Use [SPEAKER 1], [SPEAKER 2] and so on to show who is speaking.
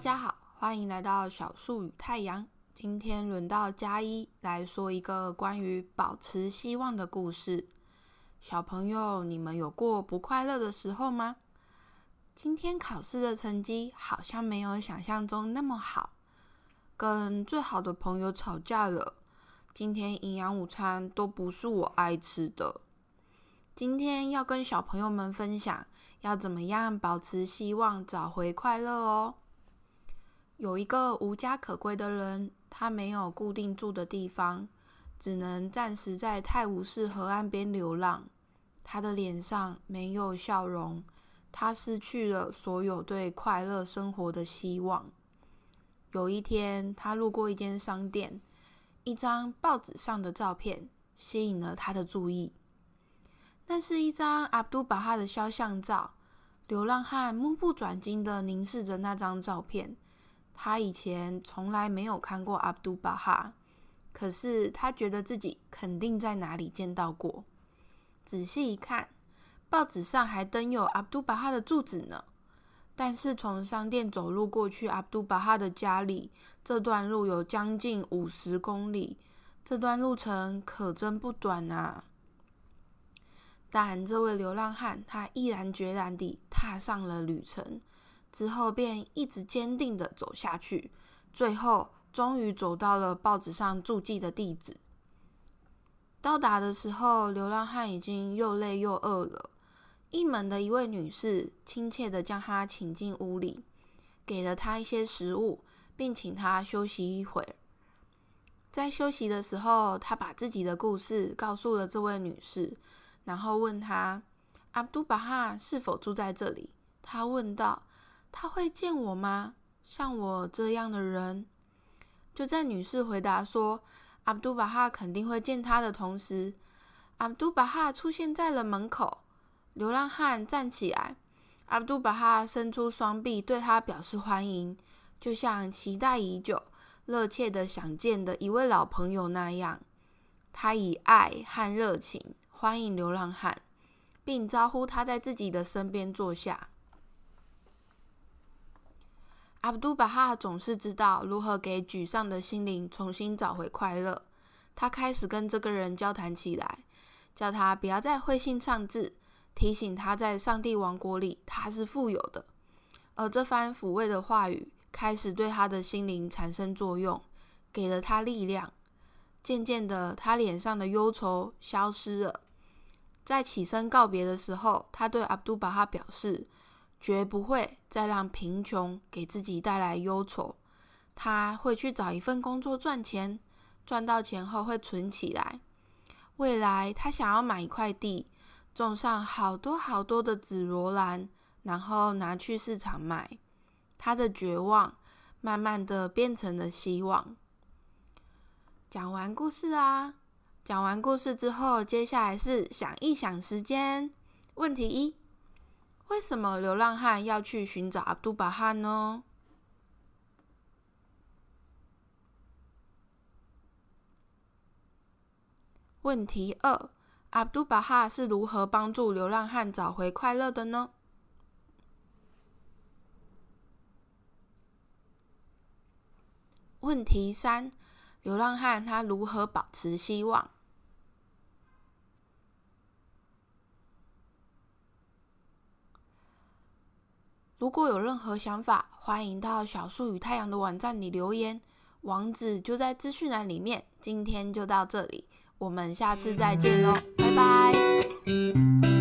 [SPEAKER 1] 大家好，歡迎來到小樹與太陽。今天輪到加一來說一個關於保持希望的故事。小朋友，你們有過不快樂的時候嗎？今天考試的成績好像沒有想象中那麼好，跟最好的朋友吵架了，今天營養午餐都不是我愛吃的。今天要跟小朋友們分享，要怎麼樣保持希望，找回快樂哦。有一個無家可歸的人，他沒有固定住的地方，只能暫時在泰晤士河岸邊流浪。他的臉上沒有笑容，他失去了所有對快樂生活的希望。有一天，他路過一間商店，一張報紙上的照片吸引了他的注意。那是一張阿博都巴哈的肖像照。流浪漢目不轉睛地凝視着那張照片。他以前從來沒有看過阿博都巴哈，可是他覺得自己肯定在哪裡見到過。仔細一看，報紙上還登有阿博都巴哈的住址呢。但是從商店走路過去阿博都巴哈的家裡，這段路有將近五十公里，這段路程可真不短啊！但這位流浪漢他毅然決然地踏上了旅程。之後便一直堅定地走下去，最後終於走到了報紙上註記的地址。到達的時候，流浪漢已經又累又餓了。一門的一位女士親切地將他請進屋裡，給了他一些食物，並請他休息一會兒。在休息的時候，他把自己的故事告訴了這位女士，然後問她，阿博都巴哈是否住在這裡？他問道。他會見我嗎？像我這樣的人？就在女士回答說阿博都巴哈肯定會見他的同時，阿博都巴哈出現在了門口。流浪漢站起來，阿博都巴哈伸出雙臂，對他表示歡迎，就像期待已久、熱切的想見的一位老朋友那樣。他以愛和熱情歡迎流浪漢，並招呼他在自己的身邊坐下。阿布都巴哈總是知道如何給沮喪的心靈重新找回快樂。他開始跟這個人交談起來，叫他不要再灰心喪志，提醒他在上帝王國裡他是富有的。而這番撫慰的話語開始對他的心靈產生作用，給了他力量。漸漸的，他臉上的憂愁消失了。在起身告別的時候，他對阿布都巴哈表示，絕不會再讓貧窮給自己帶來憂愁。他會去找一份工作賺錢，賺到錢後會存起來。未來他想要買一塊地，種上好多好多的紫羅蘭，然後拿去市場賣。他的絕望慢慢的變成了希望。講完故事啊，講完故事之後，接下來是想一想時間。問題一。為什麼流浪漢要去尋找阿博都巴哈呢？問題二：阿博都巴哈是如何幫助流浪漢找回快樂的呢？問題三：流浪漢他如何保持希望？如果有任何想法，歡迎到小樹與太陽的網站裡留言，網址就在資訊欄裡面。今天就到這裡，我們下次再見嘍，拜拜。